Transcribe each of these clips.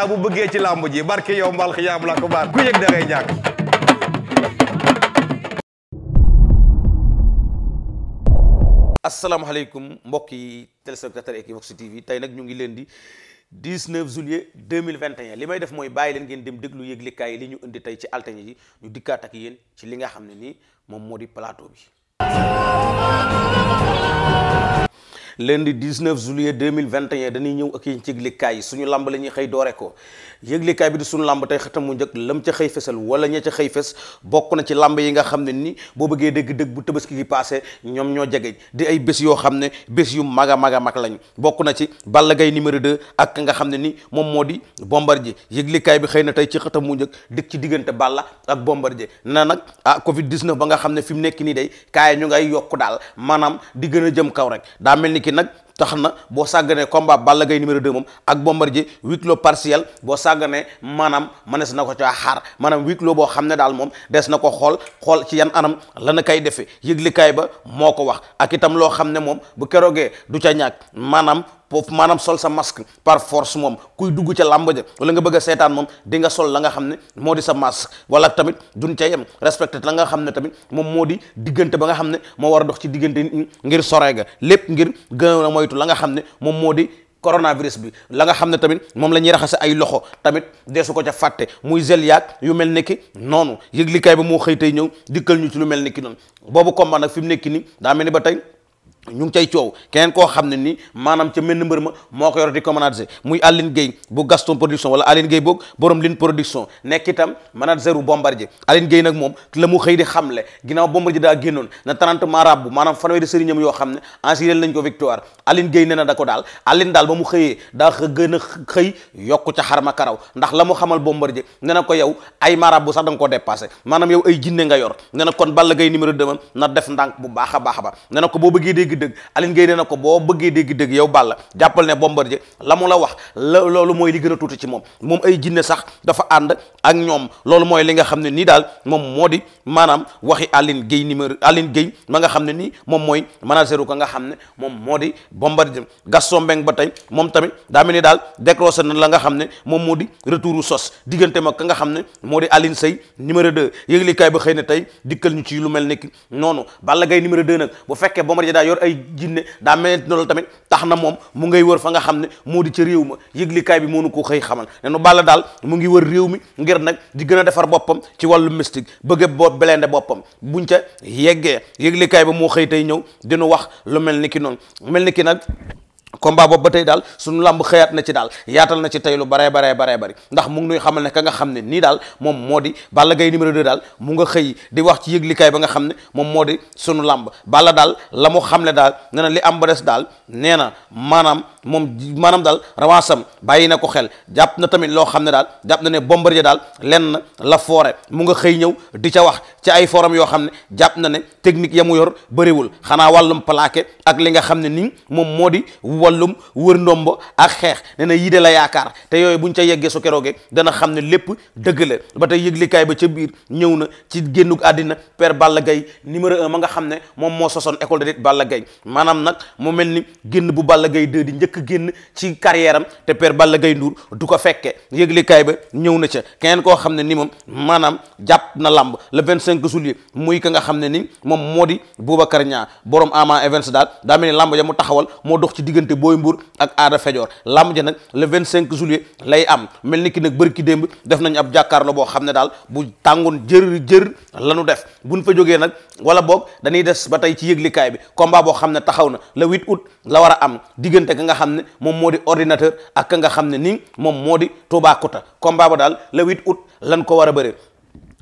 naa bu bëggee ci làmb ji barke yow mbal xiyaam la ko baal ku yëg da ngay ñàkk yi téléspectateur Equivox TV tey nag ñu ngi leen di 19 juillet 2021 li may def mooy bàyyi leen ngeen dem déglu yëglikaay yi li ñu indi tey ci altine ji ñu dikkaat ak yéen ci li nga xam ne nii moom moo di plateau bi lundi 19 juillet 2021 dañuy ñëw ak yéen ci yëglikaay yi suñu lamb la ñuy xëy doore ko yëglikaay bi di suñu lamb tey xëtam mu njëkk lam ca xëy fesal wala ña ca xëy fes bokk na ci lamb yi nga xam ne ni boo bëggee dégg dëgg bu tabaski gi passé ñoom ñoo jege di ay bés yoo xam ne bés yu mag a mag a mag lañ bokk na ci Balla Gaye numéro ak nga xam ne ni moom moo di Bombardier yëglikaay bi xëy na tey ci xëtam mu njëkk dikk ci diggante Balla ak Bombardier na nag ah Covid 19 ba nga xam ne fi mu nekk nii day kaay ñu ngay yokk daal maanaam di gën a jëm kaw rek daa mel ni ki nag tax na boo sàgganee combat Balla Gaye numéro 2 moom ak Bombardier huis loo partiel boo sàgganee maanaam mënees na ko caa xaar maanaam huis clos boo xam ne daal moom des na ko xool xool ci yan anam la na koy defee yëglikaay ba moo ko wax ak itam loo xam ne moom bu keroogee du ca ñàkk maanaam foofu maanaam sol sa masque par force moom kuy dugg ca làmb ja wala nga bëgg a seetaan moom di sol la nga xam ne moo di sa masque wala tamit duñ ca yem respecté la nga xam ne tamit moom moo di diggante ba nga xam ne moo war a dox ci diggante nit ngir sore ga lépp ngir gën a moytu la nga xam ne moom moo di coronavirus bi la nga xam ne tamit moom la ñuy raxase ay loxo tamit deesu ko ca fàtte muy gel yaag yu mel ni ki noonu yëglikaay ba moo xëy tey ñëw dikkal ñu ci lu mel ni ki noonu boobu combat nag fi nekki nii daa mel ni ba tey ñu ngi cay coow keneen koo xam ne ni maanaam ca menn mbër ma moo ko yor di ko manager muy Aline Gueye bu Gaston production wala Aline Gueye boog borom line production nekk itam manager bu Bombardier Aline Gueye nag moom la mu xëy di xamle ginnaaw Bombardier daa génnoon na 30 marab bu maanaam fanweeri sëriñam yoo xam ne ensiréel nañ ko victoire Aline Gueye nee na da ko daal Aline daal ba mu xëyee a ndax la mu xamal Bombardier ne na ko yow ay marab bu sax da nga ko dépassé maanaam yow ay jinne nga yor ne na kon Balla Gaye numéro 2 na def ndànk bu baax a baax ba dégg-dëgg na ko boo bëggee dégg-dëgg yow Balla jàppal ne Bombardier la la wax la loolu mooy li gën a tuuti ci moom moom ay jinne sax dafa ànd ak ñoom loolu mooy li nga xam ne nii daal moom moo di maanaam waxi Aline Gueye numéro Aline Gueye ma nga xam ne nii moom mooy manageru ko nga xam ne moom moo di Bombardier Gaston Mbengue ba tey moom tamit daa mel ni daal décroché na la nga xam ne moom moo di retouru sos diggante ma ka nga xam ne moo di Aline Seye numéro 2 yëglikaay ba xëy na tey dikkal ñu ci lu mel ni ki noonu Balla Gaye numéro 2 nag bu fekkee Bombardier daa yor ay jinne daa mel noonu loolu tamit tax na moom mu ngay wër fa nga xam ne moo di ca réew ma yëglikaay bi moo nu ko xëy xamal ne nu Balla daal mu ngi wër réew mi ngir nag di gën a defar boppam ci wàllu mystique bëgg boo belende boppam buñ ca yeggee yëglikaay bi moo xëy tey ñëw dinu wax lu mel ni ki noonu mel ni ki nag combat boobu ba tey daal suñu làmb xëyaat na ci daal yaatal na ci tey lu baree baree baree bari ndax mu ngi nuy xamal ne ka nga xam ne nii daal moom moo di Balla gay numéro 2 daal mu nga xëy di wax ci yëglikaay ba nga xam ne moom moo di sunu làmb Balla daal la mu xamle daal nee na li am ba des daal nee na maanaam moom maanaam daal rawaasam bàyyi na ko xel jàpp na tamit loo xam ne daal jàpp na ne Bombardier daal lenn la foore mu nga xëy ñëw di ca wax ci ay forum yoo xam ne jàpp na ne technique ya mu yor bëriwul xanaa wàllum palaake ak li nga xam ne nii moom moo di wallum wër ndombo ak xeex nee na yii la yaakaar te yooyu bu buñ ca yeggee su keroogee dana xam ne lépp dëgg la ba tey yëglikaay ba ca biir ñëw na ci génnug àddina per Balla Gaye numéro un ma nga xam ne moom moo sosoon école de lutte Balla Gaye maanaam nag mu mel ni génn bu Balla gay 2 di njëkk génn ci carrière am te père Balla Gaye Ndour du ko fekkee yëglikaay ba ñëw na ca keneen koo xam ne ni moom maanaam jàpp na lamb le 25 juillet muy ka nga xam ne ni moom moo di Boubacar Niang borom Ama Events daal daa mel ni lamb ja mu taxawal moo dox ci diggante booy Mbour ak Ada Fejoor lamb ja nag vingt cinq juillet lay am mel ni ki nag bërki démb def nañu ab jàkkaarloo boo xam ne daal bu tàngoon jër jër la nu def buñ fa jógee nag wala boog dañuy des ba tey ci yëglikaay bi combat boo xam ne taxaw na le 8 août la war a am diggante ka nga xam ne moom moo di ordinateur ak ka nga xam ne nii moom moo di Toubacouta combat ba daal le 8 août lan ko war a bëre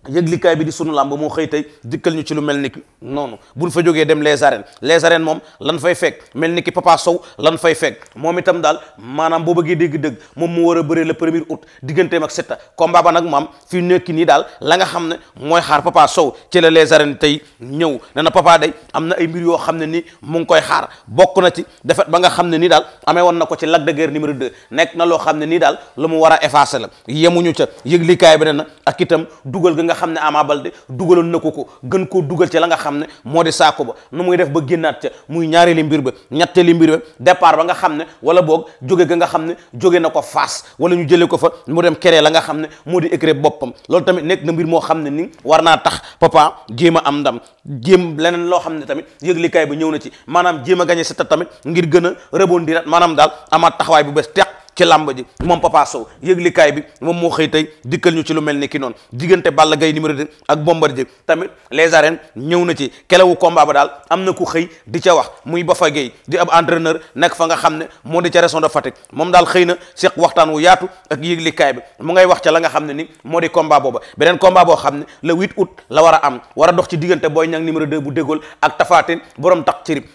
yëglikaay bi di sunu làmb moo xëy tey dikkal ñu ci lu mel ni ki noonu buñ fa jógee dem les arènes les arènes moom lan fay fekk mel ni ki papa sow lan fay fekk moom itam daal maanaam boo bëggee dégg-dëgg moom mu war a bëree le premier août diggante mag Siteu combat ba nag maam fi nekk nii daal langa xam ne mooy xaar papa sow ci la les arènes tey ñëw ne na papa day am na ay mbir yoo xam ne nii mu ngi koy xaar bokk na ci defet ba nga xam ne nii daal amee woon na ko ci Lac de Guiers numéro nekk na loo xam ne nii daal lu mu war a la yemuñu ca yëglikaay bi na ak itam dugal xam ne Ama Baldé dugaloon na ko ko gën koo dugal ci la nga xam ne moo di saako ba nu muy def ba génnaat ca muy ñaareeli mbir ba ñetteeli mbir ba départ ba nga xam ne wala boog jóge ga nga xam ne jóge na ko faas wala ñu jëlee ko fa mu dem keree la nga xam ne moo di écré boppam loolu tamit nekk na mbir moo xam ne nii war naa tax papa jéem a am ndam jéem leneen loo xam ne tamit kaay ba ñëw na ci maanaam jéem a gañe sa tamit ngir gën a rebondir maanaam daal amaat taxawaay bu bees teq ci làmb ji moom Papa Sow yëglikaay bi moom moo xëy tey dikkal ñu ci lu mel ni ki noonu diggante Balla gay numéro 2 ak Bombardier tamit les arènes ñëw na ci kelewu combat ba daal am na ku xëy di ca wax muy ba Bafa Gueye di ab entraîneur nekk fa nga xam ne moo di ca région de Fatick moom daal xëy na seq waxtaan wu yaatu ak yëglikaay bi mu ngay wax ca la nga xam ne ni moo di combat booba beneen combat boo xam ne le 8 août la war a am war a dox ci diggante booy Niang numéro 2 bu Dégol ak Tafatin borom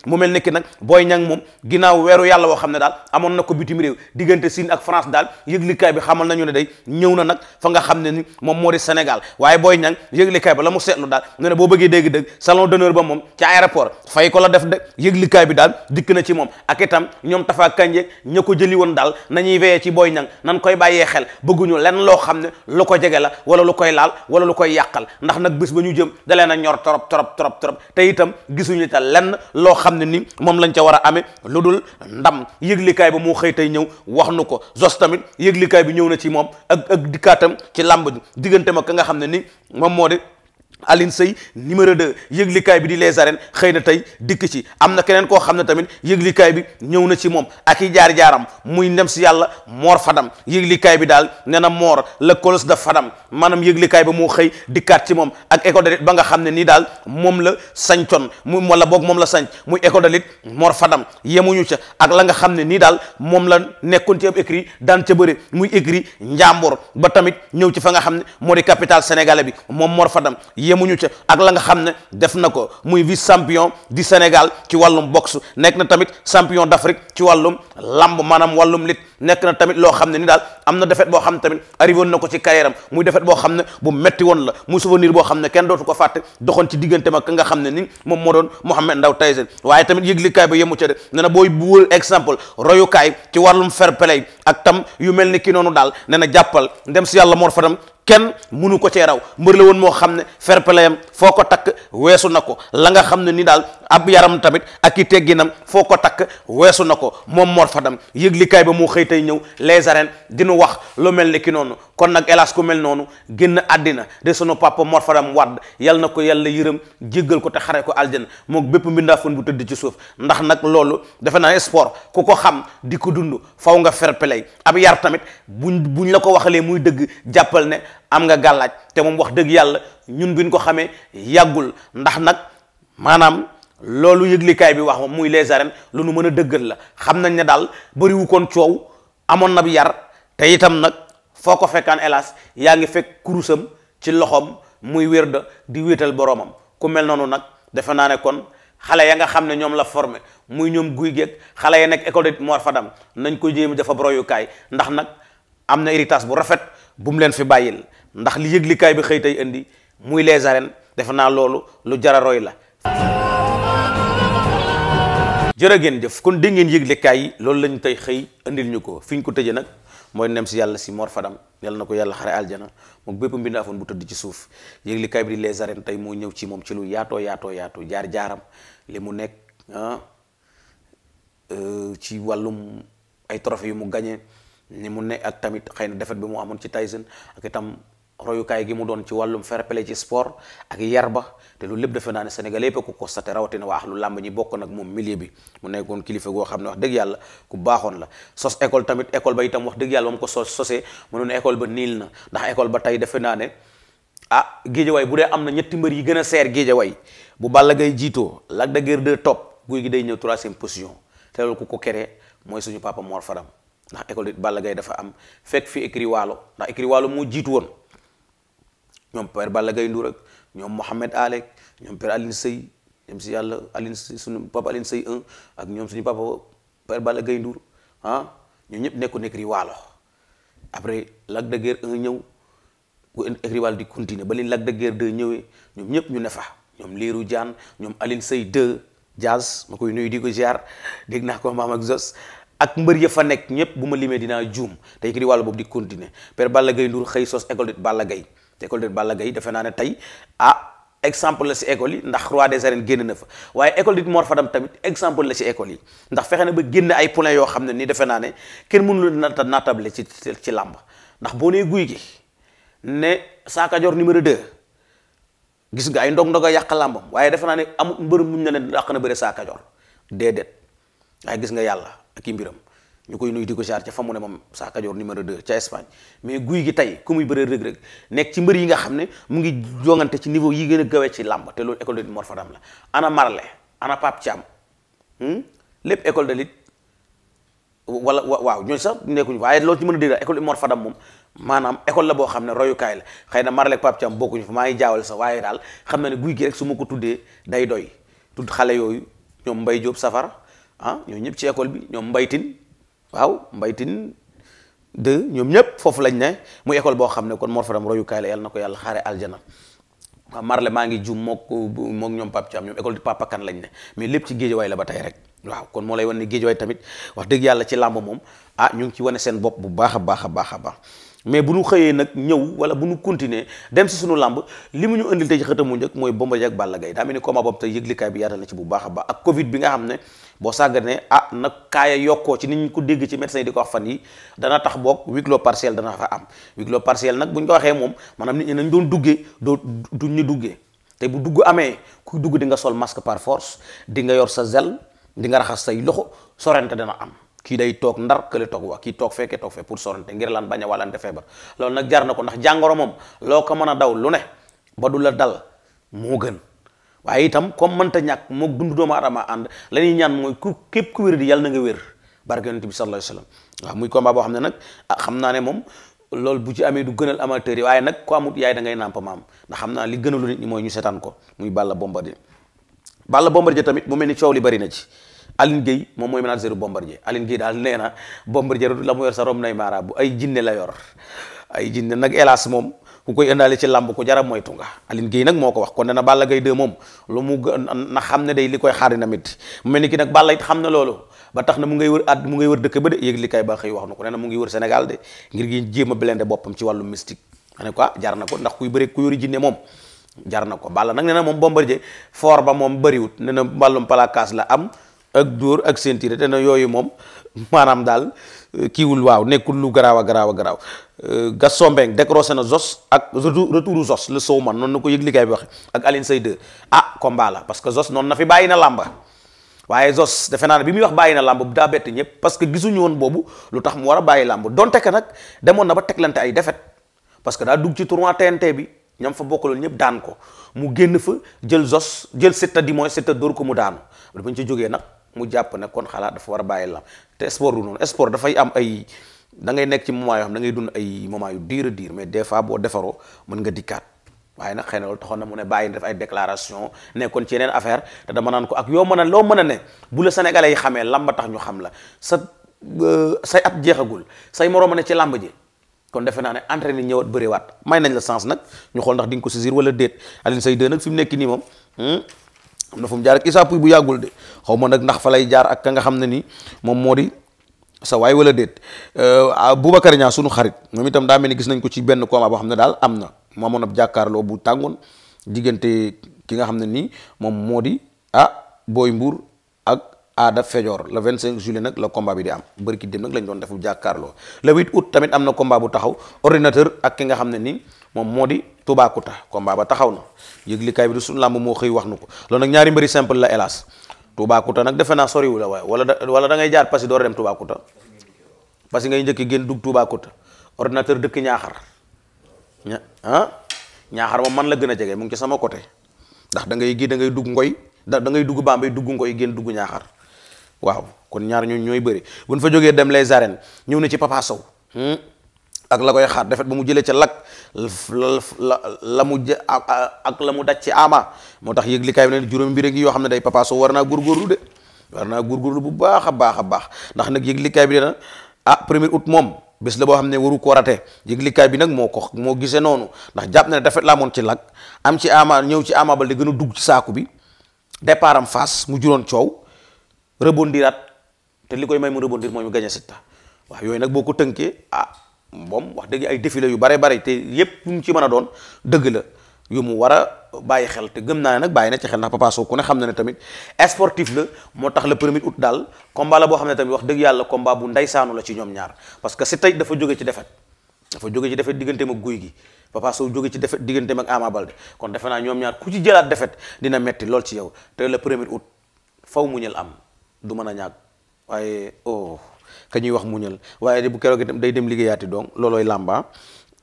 mu mel ni ki nag Boy Niang moom ginnaaw weeru yàlla woo xam ne daal amoon na ko bitim réew diggante Chine ak France daal yëglikaay bi xamal nañu ne day ñëw na nag fa nga xam ne ni moom moo di Sénégal waaye Boy Niang yëglikaay ba la mu seetlu daal ne ne boo bëggee dégg-dégg salon d'honneur ba moom ci aéroport fay ko la def de bi daal dikk na ci moom ak itam ñoom Tafa Kanjeeg ña ko jëli woon daal nañuy weyee ci Boy Niang nan koy bàyyee xel bëgguñu lenn loo xam ne lu ko jege la wala lu koy laal wala lu koy yàqal ndax nag bis ba ñu jëm dalee na ñor torop torop torop torop te itam gisuñu te lenn loo xam ne ni moom lañ ca war a amee lu dul ndam yëglikaay ba moo xëy ñëw wax nu ko zos tamit yëglikaay bi ñëw na ci moom ak ak dikkaatam ci làmb ji digganteem ak nga xam ne ni moom moo di Aline Sey numéro de yëglikaay bi di les arènes xëy na tey dikk ci am na keneen koo xam ne tamit yëglikaay bi ñëw na ci moom ak i jaar-jaaram muy ndem si yàlla moor Fadam yëglikaay bi daal nee na Mor le colos de Fadam maanaam yëglikaay ba moo xëy dikkaat ci moom ak école de lutte ba nga xam ne nii daal moom la sañcoon mu wala boog moom la sañ muy école de Fadam yemuñu ca ak la nga xam ne nii daal moom la nekkoon ci ab écrit daan ca bëri muy écrit njàmbur ba tamit ñëw ci fa nga xam ne moo di capitale sénégalais bi moom Mor Fadam. yemuñu ca ak la nga xam ne def na ko muy vice champion du Sénégal ci wàllum boxe nekk na tamit champion d'Afrique ci wàllum lamb maanaam wàllum lit nekk na tamit loo xam ne ni daal am na defet boo xam ne tamit arrivé woon na ko ci carrière am muy defet boo xam ne bu metti woon la muy souvenir boo xam ne kenn dootu ko fàtte doxoon ci diggante ma ka nga xam ne ni moom moo doon Mohamed Ndao Tyson waaye tamit yëglikaay ba yemu ca de ne na booy buwul exemple royukaay ci wàllum fair ak tam yu mel ni ki noonu daal ne na jàppal ndem si kenn munu ko cee raw mbër la woon moo xam ne fair play am foo ko takk weesu na ko la nga xam ne nii daal ab yaram tamit ak i tegginam foo ko takk weesu na ko moom Mor Fadam yëglikaay ba mu xëy tey ñëw les arènes dinu wax lu mel ne ki noonu kon nag hélas ko mel noonu génn àddina de sunu papa Mor Fadam Wade yal na ko yàlla yërëm jéggal ko te xare ko aljana moom bépp mbindaafoon bu tëdd ci suuf ndax nag loolu defe naa sport ku ko xam di ko dund faw nga fair play ab yar tamit buñ buñ la ko waxalee muy dëgg jàppal ne am nga gàllaaj te moom wax dëgg yàlla ñun biñ ko xamee yàggul ndax nag maanaam loolu yëglikaay bi wax muy les arènes lu nu mën a dëggal la xam nañ ne daal bëriwu koon coow amoon na bi yar te itam nag foo ko fekkaan hélas yaa ngi fekk kurusam ci loxoom muy wér da di wéetal boroomam ku mel noonu nag defe naa ne kon xale ya nga xam ne ñoom la formé muy ñoom guy geeg xale ya nekk école de Mor Fadam nañ ko jéem dafa broyukaay ndax nag am na héritage bu rafet bu leen fi bàyyil ndax li yëglikaay bi xëy tey indi muy les arènes defe naa loolu lu jara roy la jërë ngeen jëf kon dégg ngeen yëglikaay yi loolu lañu tey xëy indil ñu ko fi ñu ko tëjee nag mooy nem si yàlla si Mor Fadam yàlla na ko yàlla xare aljana moom bépp mbind afoon bu tëdd ci suuf yëglikaay bi di les arènes tey moo ñëw ci moom ci lu yaatoo yaato yaatu jaar jaaram li mu nekk ah, euh, ci wàllum ay trophée yu mu gañe ni mu ne ak tamit xëy na defet bi mu amoon ci Tyson ak itam royukaay gi mu doon ci wàllum fair play ci sport ak yarba te loolu lépp defe naa ne Sénégal yépp ko constaté rawatina waa lu làmb ñi bokk nag moom milieu bi mu nekkoon kilifa goo xam ne wax dëgg yàlla ku baaxoon la sos école tamit école ba itam wax dëgg yàlla ba mu ko sos sosee mu ne école ba niil na ndax école ba tey defe naa ne ah géejawaay bu dee am na ñetti mbër yi gën a seer géejawaay bu Balla Gaye jiitoo Lac de topp guy gi day ñëw troisième position te loolu ko keree mooy suñu papa Mor Fadam ndax école de Balla Gaye dafa am fekk fi écrit waalo ndax écrit waalo moo jiitu woon ñoom père Balla Gaye ñoom Mohamed Alek ñoom père si yàlla Aline suñu papa Aline Sey 1 ak ñoom suñu papa père Balla ah, ñoom ñëpp nekkoon écrit waalo après Lac de ñëw ku écrit di continuer ba li Lac de ñëwee ñoom ñëpp ñu ne fa ñoom liiru Diane ñoom Aline Sey 2 Diaz ma koy nuyu di ko ziar dégg naa ko maam ak Zos. ak mbër ya fa nekk ñëpp bu ma limee dinaa juum te Yékini wàll boobu di continuer père Balla Gaye Ndour xëy sos école de Balla Gaye te école de Balla Gaye defe naa ne tey ah exemple la ci école yi ndax roi des arènes génn na fa waaye école dit Mor Fadam tamit exemple la ci école yi ndax fexe na ba génn ay poulain yoo xam ne ni defe naa kenn mënu la nata natable ci ci làmb ndax boo guy gi ne saakajor numéro 2 nga ay ndog ndog yàq làmbam waaye defe naa ne amul mbër muñ na leen dàq na bëre saakajor déedéet waaye gis nga yàlla ak i mbiram ñu koy nuy di ko jaar ca fa mu ne moom Sa Kajoor numéro 2 ca Espagne mais guy gi tey ku muy bëree Reug Reug nekk ci mbër yi nga xam ne mu ngi jongante ci niveau yi gën a gawee ci làmb te loolu école de lutte Mor Fadam la ana Marle ana Pape Thiam hmm? lépp école waaw ñooñu sax nekkuñu waaye loolu ci mën a dégg école Mor Fadam moom maanaam école la boo xam ne royukaay la xëy na Marlek Pape Thiam bokkuñu fa maa ngi jaawale sax waaye daal xam na ne guy gi rek su ma ko tuddee day doy tudd xale yooyu ñoom Mbaye Diop Safar ah ñoo ñëpp ci école bi ñoom mbaytin waaw mbaytin de ñoom ñëpp foofu lañ ne muy école boo xam ne kon Mor Fadam royukaay la yàlla na ko yàlla xaare aljana waaw marle maa ngi jum mook mook ñoom pap ci am ñoom école di papakan lañ ne mais lépp ci géejawaay la ba tey rek waaw kon moo lay wan ne géejawaay tamit wax dëgg yàlla ci làmb moom ah ñu ngi ci wane seen bopp bu baax a baax a baax a baax mais bu ñu xëyee nag ñëw wala bu ñu continuer dem si sunu làmb li mu ñu indil tey ci xëtamu njëkk mooy Bombardier ak Balla Gaye daa mel ni combat boobu tey yëglikaay bi yaatal na ci bu baax a baax ak Covid xam ne boo sàgganee ah nag kaaya yokkoo ci ni ñu ko dégg ci médecin yi ko wax fan yi tax boog huis clos partiel dana fa am huis nag bu ñu ko waxee moom maanaam nit ñi nañ doon duggee doo duñ ñu duggee te bu dugg amee ku dugg di nga sol masque par force dinga yor sa gel di nga raxas say loxo sorente dana am kii day toog ndar kële toog waa kii toog fekkee toog fee pour sorante ngir lan bañ a wàllante feebar loolu nag jar na ko ndax jàngoro moom loo ko mën a daw lu ne ba du la dal moo gën waaye itam comme mënta ñàkk moo dund doomu aadama ànd la ñuy ñaan mooy ku képp ku di yàlla na nga wér barke bi sallallahu alayhi wasallam waaw muy combat boo xam ne nag ah, xam naa ne moom loolu bu ci amee du gënal amateur yi waaye nag ko amut yaay dangay ngay nàmp maam ndax xam naa li gënalu nit ñi mooy ñu seetaan ko muy Balla Bombardier Balla Bombardier tamit mu mel ni coow li bari na ci Aline Gueye moom mooy manager Bombardier Aline Gueye daal nee na Bombardier la mu yor sa rom nay maara bu ay jinne la yor ay jinne nag hélas moom ku koy indaale ci làmb ko jara moytu nga Aline Gueye nag moo ko wax kon ne na Balla moom lu na xam ne day li koy xaari na mel ni ki nag Balla xam na loolu ba tax na mu ngay wër at mu ngay wër dëkk ba de kay ba xëy wax na ko nee na mu ngi wër Sénégal de ngir gi jéem a blende boppam ci wàllu mystique ne quoi ah, jar na ko ndax kuy bëre ku yori jinne moom jar na ko bala nag nee na moom Bombardier fort ba moom bariwut nee na wàllum palakaas la am ak dóor ak sentir te na yooyu moom maanaam daal euh, kiiwul waaw nekkul lu garaaw a garaaw a garaaw euh, Gaston Mbengue décroché na Zos ak retouru Zos le showman noonu na ko yëg likaay bi waxe ak Alioune Seye 2 ah combat la parce que Zos noonu na fi bàyyi na làmba waaye Zos defe naa bi muy wax bàyyi na làmb daa bett ñëpp parce que gisuñu woon boobu lu tax mu war a bàyyi làmb doon que nag demoon na ba teglante ay defet parce que daa dugg ci tournoi TNT bi ñam fa bokkaloon ñëpp daan ko mu génn fa jël Zos jël Siteu di mooy Siteu dóor ko mu daanu ba ñu ci jógee nag mu jàpp nag kon xalaat dafa war a bàyyi lam te sport du noonu sport dafay am ay da ngay nekk ci moment yoo xam da ngay dun ay moment yu diir a diir mais des fois boo defaroo mën nga dikkaat waaye nag xëy na loolu taxoon na mu ne bàyyi def ay déclaration nekkoon ci affaire dama naan ko ak yoo mën a loo mën a ne bu la xamee lamba tax ñu xam la sa euh, say at jeexagul say moroom ne ci làmb ji kon defe naa ne entraîné ñëwaat bëriwaat may nañ la sens nag ñu xool ndax di nga ko saisir wala déet Alioune Seye 2 nag fi mu nekk nii moom hmm? am na fu mu bu yàggul xaw ma nag ndax fa lay jaar ak ka nga xam ne ni moom moo di sa waay wala déet euh, ah, Boubacar Niang sunu xarit moom itam daa mel ni gis nañ ko ci benn combat boo xam ne daal am na mu amoon ab jàkkaarloo bu tàngoon diggante ki nga xam ne nii moom moo di ah Boy Mbour ak Ada Fejoor le cinq juillet nag la combat bi di am bërki dem nag lañ doon defu jàkkaarloo le 8 août tamit am na combat bu taxaw ordinateur ak ki nga xam ne nii moom moo di Toubacouta combat ba taxaw na yëglikaay bi du suñu làmb moo xëy wax nu ko loolu nag ñaari mbëri simple la hélas Toubacouta nag defe naa soriwu la waaye wala da wala da ngay jaar Passy door dem Toubacouta parce que ngay njëkk génn dugg Toubacouta ordinateur dëkk ñaaxar ña ah ñaaxar moom man la gën a jege mu ngi ci sama côté ndax da ngay gi da ngay dugg ngoy da da ngay dugg Bambey dugg ngoy génn dugg ñaaxar waaw kon ñaar ñooñu ñooy bëri bu ñu fa jógee dem les arènes ñëw na ci Papa Sow. Hmm? ak la koy xaar defet ba mu jëlee ca lak la la mu ak la mu daj ci ama moo tax yëg likaay bi ne juróomi mbir ngi yoo xam ne day Papa war naa góorgóorlu de war naa góorgóorlu bu baax a baax a baax ndax nag yëg likaay bi dina ah premier août moom bés la boo xam ne waru ko rate yëglikaay bi nag moo ko moo gisee noonu ndax jàpp na ne dafet laa moon ci lak am ci ama ñëw ci ama ba di gën a dugg ci saaku bi départ am face mu juróon coow rebondiraat te li koy may mu rebondir mooy mu gagné sitta waaw nag boo ko tënkee ah moom wax dëgg ay défilé yu bare bare te yépp mu ci mën a doon dëgg la yu mu war a bàyyi xel te gëm naa ne nag bàyyi na ci xel ndax Papa Sow ku ne xam na ne tamit sportif la moo tax la premier août daal combat la boo xam ne tamit wax dëgg yàlla combat bu ndeysaanu la ci ñoom ñaar parce que si tey dafa jóge ci defet dafa jóge ci defet digganteem ak guy gi Papa Sow jóge ci defet diggante ak Ama Baldé kon defe naa ñoom ñaar ku ci jëlaat defet dina metti lool ci yow te le premier août faw mu ñël am du mën a ñàkk ka ñuy wax muñal waaye bu keroog itam day dem liggéeyaati donc loolooy làmba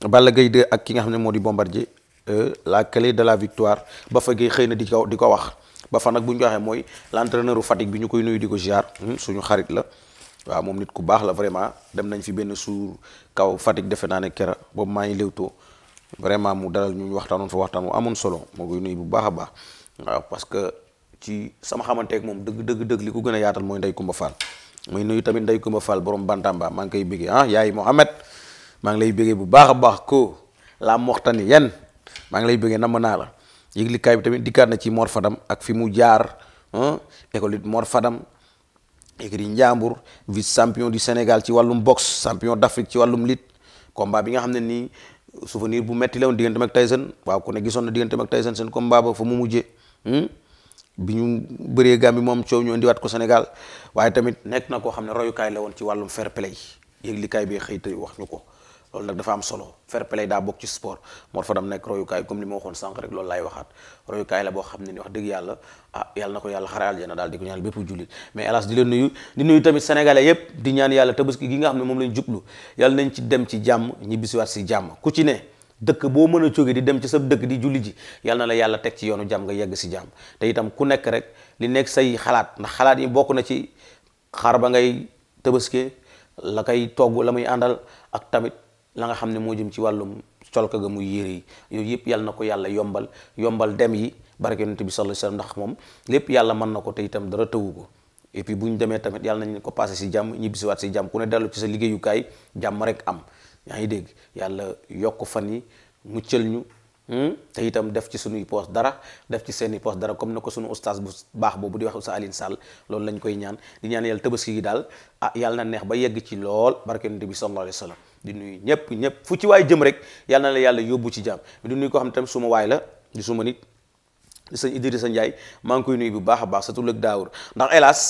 Balla gay 2 ak ki nga xam ne moo di Bombardier euh, la clé de la victoire ba fa gay xëy na di ko di ko wax ba fa nag bu ñu waxee mooy l'entraîneur u Fatick bi ñu koy nuyu di ko ziar hmm, suñu xarit la waaw moom nit ku baax la vraiment dem nañ fi benn suur kaw Fatick defe naa ne kera boobu maa ngi léewtoo vraiment mu dalal ñu waxtaanoon fa waxtaan wu amoon solo moo koy nuyu bu baax a baax waaw parce que ci sama xamanteeg moom dëgg dëgg dëgg li ko gën a yaatal mooy Ndeye Coumba Fall mooy nuyu tamit Ndeye Kumba Fall borom Bantamba maa ngi koy ah yaay Mohamed maa ngi lay bëggee bu baax a baax ko la moxtani yan maa ngi lay bëggee namm naa la yëglikaay bi tamit dikkaat na ci Mor Fadam ak fi mu jaar ah, école it Mor Fadam écurie Ndiambour vice champion du Sénégal ci wàllum boxe champion d'Afrique ci wàllum lutte combat bi nga xam ne nii souvenir bu metti la woon digganteem ak Tyson waa ku ne gisoon na diggante ak Tyson seen combat ba fa mu mujjee. Hmm? bi ñu bëree Gambie moom coow ñu ndiwaat ko Sénégal waaye tamit nekk na ko xam ne royukaay la woon ci wàllum fair play yëglikaay bi xëy tey wax ñu ko loolu nag dafa am solo fair play daa bokk ci sport moo fa dam nekk royukaay comme li ma waxoon sànq rek loolu laay waxaat royukaay la boo xam ne ni wax dëgg yàlla ah yàlla na ko yàlla xara aljana daal di ko ñaan bépp jullit mais hélas di leen nuyu di nuyu tamit sénégalais yépp di ñaan yàlla tabaski gi nga xam ne moom lañ jublu yàlla nañ ci dem ci jàmm ñibbisiwaat si jàmm ku ci dëkk boo mën a jóge di dem ci sa dëkk di julli ji yàlla na la yàlla teg ci yoonu jàmm nga yegg si jàmm te itam ku nekk rek li nekk say xalaat ndax xalaat yi bokk na ci xar ba ngay tëbaskee la koy togg la muy àndal ak tamit la nga xam ne moo jëm ci wàllum colka muy yére yi yooyu yëpp yàlla na ko yàlla yombal yombal dem yi barke yonent bi sallallahu alayhi wasallam moom lépp yàlla mën na ko te itam dara tëwu ko et bu ñu demee tamit yàlla nañ ko passé si jàmm ñibbisiwaat si jàmm ku dellu ci sa liggéeyukaay jàmm rek am yaa ngi dégg yàlla yokk fan yi muccal ñu hmm? te itam def ci suñuy poos dara def ci seeni poos dara comme na ko suñu ustaas bu baax boobu di wax sa Alioune Sall loolu lañ koy ñaan di ñaan yàlla tabaski gi daal ah yàlla na neex ba yegg ci lool barke yonent bi sallallahu alayhi wa di nuyu ñëpp ñëpp fu ci waay jëm rek yàlla la yàlla yóbbu ci jàmm di nuyu ko xam tam suma waay la di suma nit sa sëñ sa Ndiaye maa ngi koy nuyu bu baax a baax sa tulëg daawur ndax hélas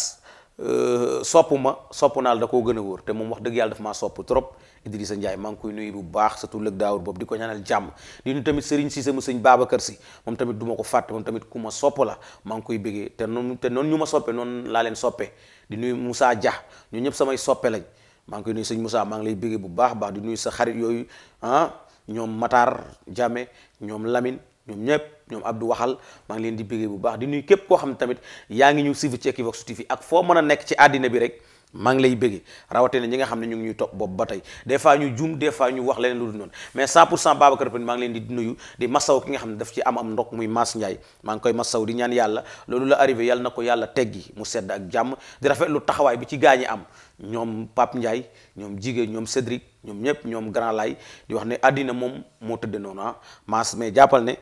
euh, sopp ma sopp naal da koo gën a wóor te moom wax dëgg yàlla daf maa sopp trop Idrissa sa maa ngi koy nuyu bu baax surtout lëg daawur boobu di ko ñaanal jàmm di nu tamit Serigne Cissé mu sëñ Babacar Sy moom tamit du ma ko fàtte moom tamit ku ma sopp la maa ngi koy bëggee te noonu te noonu ñu ma soppe laa leen soppe di nuyu Moussa Dia ñëpp samay soppe lañ maa ngi koy nuyu sëñ Moussa maa ngi lay bëggee bu baax baax di nuyu sa xarit yooyu ah, ñoom Matar Diame ñoom Lamine ñoom ñëpp ñoom Abdou Waxal maa ngi leen di bëggee bu baax di nuyu képp koo xam ne tamit yaa ngi ñu suivre ci Equivox TV ak foo mën a nekk ci àddina bi rek maa ngi lay bëggee rawatina ñi nga xam ne ñu ngi ñuy topp boobu ba tey des fois ñu juum des fois ñu wax leneen lu dul noonu mais 100 pour cent di nuyu masaw ki nga xam ne daf ci am am ndok muy Mass Ndiaye maa ngi koy masaw di ñaan yàlla loolu la arrivé yàlla na ko yàlla teggi mu sedd ak jàmm di rafetlu taxawaay bi ci gaañi am ñoom Pape Ndiaye ñoom Jigé ñoom Cédric ñoom ñëpp ñoom Grand Lay wax ne àddina moom moo tëdd noonu ah Mass mais jàppal ne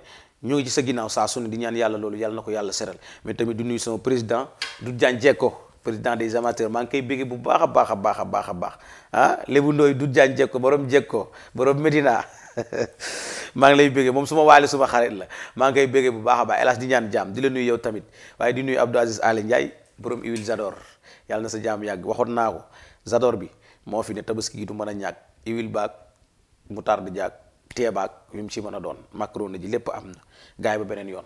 ñu ngi ci sa ginnaaw saa su di ñaan yàlla loolu yàlla na ko yàlla seral mais tamit du nuyu sama président du jànjee ko président des amateurs maa ngi koy béggee bu baax a baax a baax a baax a baax ah lébu ndooy du jaan jeg ko borom jeg ko borom Medina maa ngi lay béggee moom suma waale suma xarit la maa ngi koy béggee bu baax a baax hélas di ñaan jàmm di la nuyu yow tamit waaye di nuyu Abdou Aziz Aly Ndiaye borom huile Zador yàlla na sa jàmm yàgg waxoon naa ko Zador bi moo fi ne tabaski du mën a ñàkk huile baag moutarde jaag teebaag yu mu ci mën a doon macaroni ji lépp am na gaay beneen yoon